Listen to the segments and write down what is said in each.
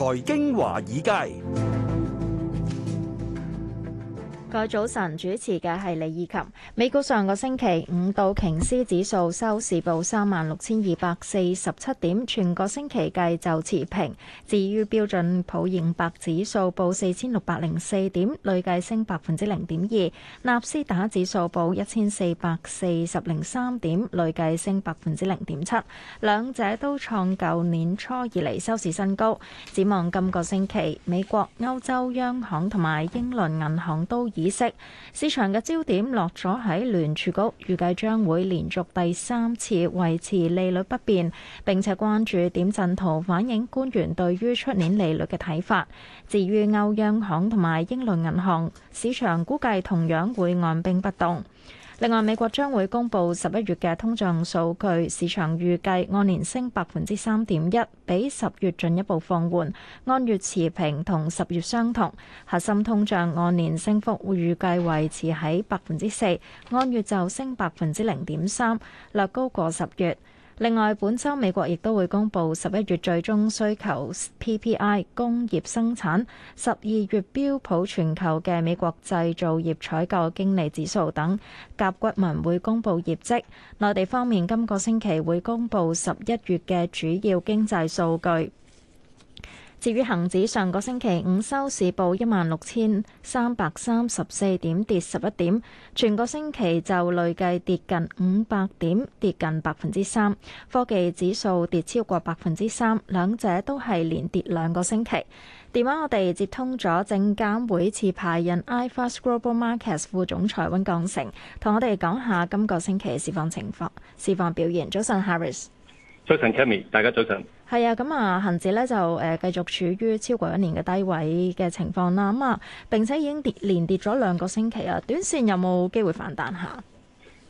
財經華爾街。各位早晨，主持嘅係李以琴。美股上個星期五道瓊斯指數收市報三萬六千二百四十七點，全個星期計就持平。至於標準普爾五百指數報四千六百零四點，累計升百分之零點二。納斯達克指數報一千四百四十零三點，累計升百分之零點七。兩者都創舊年初以嚟收市新高。展望今個星期，美國、歐洲央行同埋英倫銀行都意識市場嘅焦點落咗喺聯儲局，預計將會連續第三次維持利率不變，並且關注點陣圖反映官員對於出年利率嘅睇法。至於歐央行同埋英倫銀行，市場估計同樣會按兵不動。另外，美國將會公布十一月嘅通脹數據，市場預計按年升百分之三點一，比十月進一步放緩，按月持平同十月相同。核心通脹按年升幅會預計維持喺百分之四，按月就升百分之零點三，略高過十月。另外，本周美國亦都會公布十一月最終需求 PPI、工業生產、十二月標普全球嘅美國製造業採購經理指數等，甲骨文會公布業績。內地方面，今個星期會公布十一月嘅主要經濟數據。至於恒指上個星期五收市報一萬六千三百三十四點，跌十一點，全個星期就累計跌近五百點，跌近百分之三。科技指數跌超過百分之三，兩者都係連跌兩個星期。電話我哋接通咗證監會持牌人 iFAST Global Markets 副總裁温鋼成，同我哋講下今個星期嘅市況情況、市況表現。早晨，Harris。早晨 Kami，大家早晨。係啊，咁啊，恒指咧就誒繼續處於超過一年嘅低位嘅情況啦。咁啊，並且已經跌連跌咗兩個星期啊，短線有冇機會反彈下？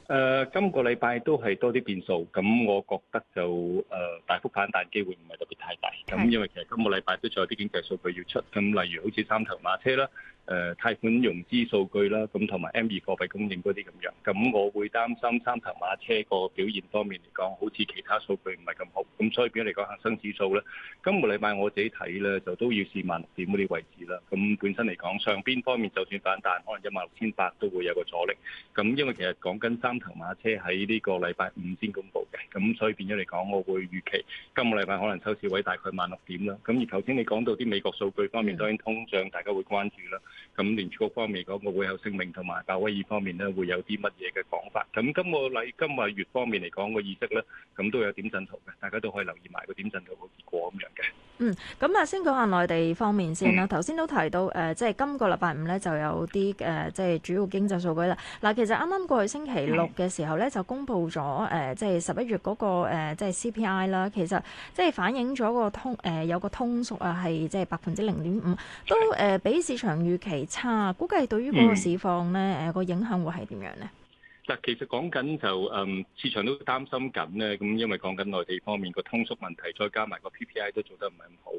誒、呃，今個禮拜都係多啲變數，咁我覺得就誒、呃、大幅反彈機會唔係特別太大，大。咁的因為其實今個禮拜都仲有啲經濟數據要出，咁例如好似三頭馬車啦。誒貸款融資數據啦，咁同埋 M2 貨幣供應嗰啲咁樣，咁我會擔心三頭馬車個表現方面嚟講，好似其他數據唔係咁好，咁所以變咗嚟講恆生指數咧，今個禮拜我自己睇咧就都要試萬六點嗰啲位置啦。咁本身嚟講上邊方面就算反彈，可能一萬六千八都會有個阻力。咁因為其實講緊三頭馬車喺呢個禮拜五先公布嘅，咁所以變咗嚟講，我會預期今個禮拜可能收市位大概萬六點啦。咁而頭先你講到啲美國數據方面，當然通脹大家會關注啦。咁聯儲局方面嚟講，個會後聲明同埋鮑威爾方面咧，會有啲乜嘢嘅講法？咁今個禮今個月方面嚟講個意識咧，咁都有點陣圖嘅，大家都可以留意埋個點陣圖嘅結果咁樣嘅。嗯，咁啊先講下內地方面先啦。頭先都提到誒、呃，即係今個禮拜五咧就有啲誒、呃，即係主要經濟數據啦。嗱、呃，其實啱啱過去星期六嘅時候咧就公布咗誒，即係十一月嗰、那個、呃、即係 CPI 啦。其實即係反映咗個通誒、呃、有個通縮啊，係即係百分之零點五，都誒、呃、比市場預期差。估計對於嗰個市況咧誒個影響會係點樣咧？嗱，其實講緊就誒市場都擔心緊咧，咁因為講緊內地方面個通縮問題，再加埋個 PPI 都做得唔係咁好。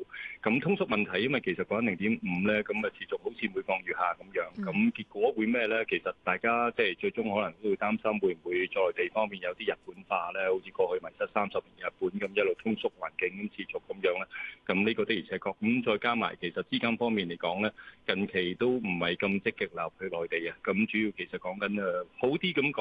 咁通縮問題，因為其實講緊零點五咧，咁啊持續好似每況愈下咁樣。咁結果會咩咧？其實大家即係最終可能都會擔心會唔會在地方面有啲日本化咧，好似過去迷失三十年日本咁一路通縮環境咁持續咁樣咧。咁呢個的而且確。咁再加埋其實資金方面嚟講咧，近期都唔係咁積極流去內地啊。咁主要其實講緊誒好啲咁講。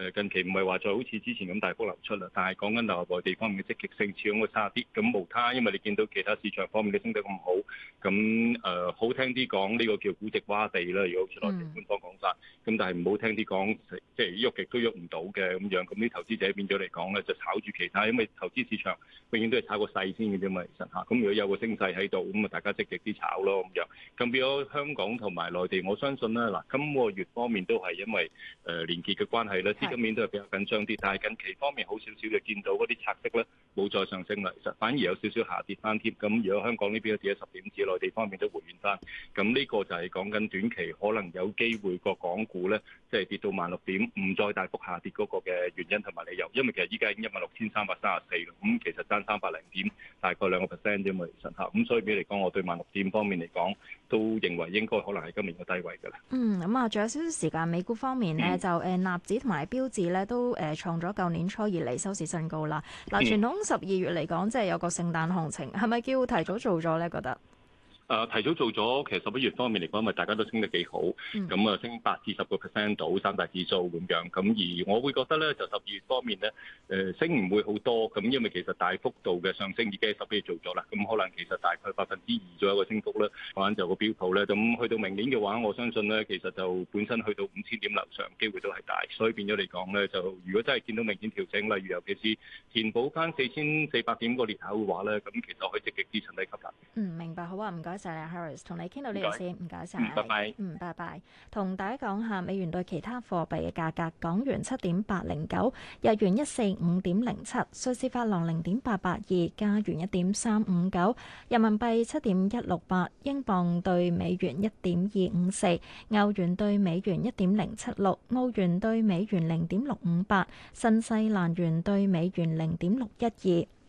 誒近期唔係話再好似之前咁大幅流出啦，但係講緊流入內地方面嘅積極性始終會差啲。咁無他，因為你見到其他市場方面嘅升得咁好，咁誒、呃、好聽啲講呢個叫估值洼地啦，如果好似內地官方講法。咁但係唔好聽啲講，即係喐極都喐唔到嘅咁樣。咁啲投資者變咗嚟講咧，就炒住其他，因為投資市場永遠都係炒個勢先嘅啫嘛，其實嚇。咁如果有個升勢喺度，咁啊大家積極啲炒咯咁樣。咁變咗香港同埋內地，我相信咧嗱，今個月方面都係因為誒、呃、連結嘅關係咧。今年都係比較緊張啲，但係近期方面好少少就見到嗰啲拆息咧冇再上升啦，其實反而有少少下跌翻添。咁如果香港呢邊都跌咗十點子，內地方面都回軟翻。咁呢個就係講緊短期可能有機會個港股咧，即係跌到萬六點，唔再大幅下跌嗰個嘅原因同埋理由，因為其實依家已經一萬六千三百三十四啦。咁其實爭三百零點，大概兩個 percent 啫嘛，其實嚇。咁所以俾你嚟講，我對萬六點方面嚟講，都認為應該可能係今年嘅低位㗎啦。嗯，咁啊，仲有少少時間，美股方面咧、嗯、就誒納指同埋標。標誌咧都誒創咗舊年初以嚟收市新高啦。嗱，傳統十二月嚟講，即係有個聖誕行情，係咪叫提早做咗咧？覺得？誒提早做咗，其實十一月方面嚟講，因為大家都升得幾好，咁啊升八至十個 percent 到三大指數咁樣。咁而我會覺得咧，就十二月方面咧，誒升唔會好多，咁因為其實大幅度嘅上升已經喺十一月做咗啦。咁可能其實大概百分之二左右嘅升幅咧，或者就個標普咧，咁去到明年嘅話，我相信咧，其實就本身去到五千點樓上機會都係大，所以變咗嚟講咧，就如果真係見到明顯調整，例如尤其是填補翻四千四百點個裂口嘅話咧，咁其實可以積極資產嚟吸納。嗯，明白，好啊，唔該。同 你傾到呢度先，唔該晒。拜拜，拜拜，嗯，同大家講下美元對其他貨幣嘅價格，港元七點八零九，日元一四五點零七，瑞士法郎零點八八二，加元一點三五九，人民幣七點一六八，英鎊對美元一點二五四，歐元對美元一點零七六，澳元對美元零點六五八，新西蘭元對美元零點六一二。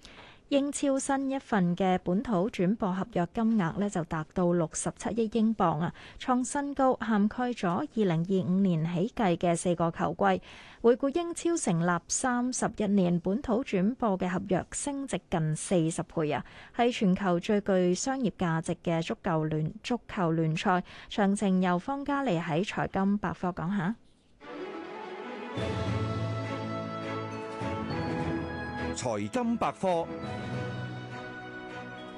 英超新一份嘅本土轉播合約金額咧就達到六十七億英鎊啊，創新高，涵蓋咗二零二五年起計嘅四個球季。回顧英超成立三十一年，本土轉播嘅合約升值近四十倍啊，係全球最具商業價值嘅足球聯足球聯賽。詳情由方嘉利喺《財金百科》講下。 財金百科：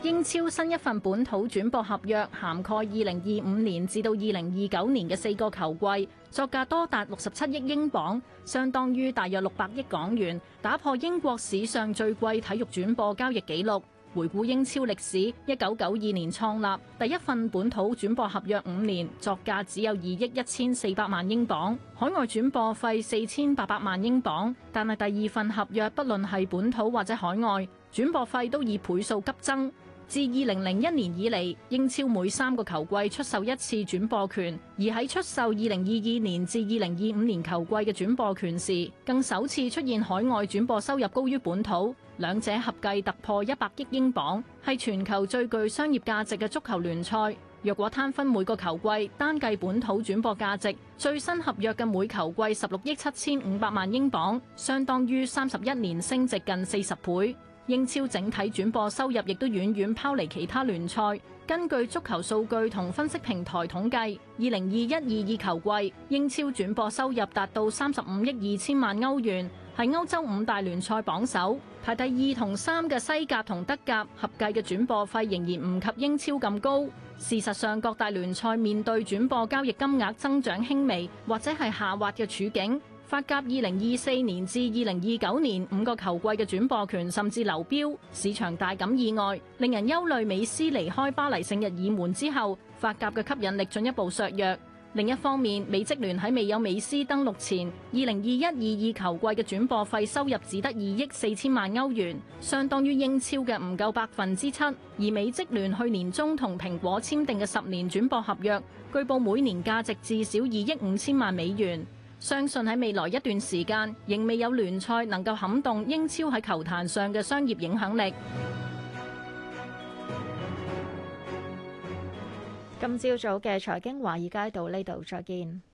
英超新一份本土轉播合約涵蓋二零二五年至到二零二九年嘅四個球季，作價多達六十七億英鎊，相當於大約六百億港元，打破英國史上最貴體育轉播交易紀錄。回顧英超歷史，一九九二年創立第一份本土轉播合約五年，作價只有二億一千四百萬英鎊，海外轉播費四千八百萬英鎊。但係第二份合約不論係本土或者海外，轉播費都以倍數急增。自二零零一年以嚟，英超每三個球季出售一次轉播權，而喺出售二零二二年至二零二五年球季嘅轉播權時，更首次出現海外轉播收入高於本土，兩者合計突破一百億英鎊，係全球最具商業價值嘅足球聯賽。若果攤分每個球季，單計本土轉播價值，最新合約嘅每球季十六億七千五百萬英鎊，相當於三十一年升值近四十倍。英超整體轉播收入亦都遠遠拋離其他聯賽。根據足球數據同分析平台統計，二零二一二二球季，英超轉播收入達到三十五億二千萬歐元，係歐洲五大聯賽榜首。排第二同三嘅西甲同德甲，合計嘅轉播費仍然唔及英超咁高。事實上，各大聯賽面對轉播交易金額增長輕微，或者係下滑嘅處境。法甲二零二四年至二零二九年五個球季嘅轉播權甚至流標，市場大感意外，令人憂慮。美斯離開巴黎聖日耳門之後，法甲嘅吸引力進一步削弱。另一方面，美職聯喺未有美斯登陸前，二零二一二二球季嘅轉播費收入只得二億四千萬歐元，相當於英超嘅唔夠百分之七。而美職聯去年中同蘋果簽訂嘅十年轉播合約，據報每年價值至少二億五千萬美元。相信喺未來一段時間，仍未有聯賽能夠撼動英超喺球壇上嘅商業影響力。今朝早嘅財經華爾街到呢度，再見。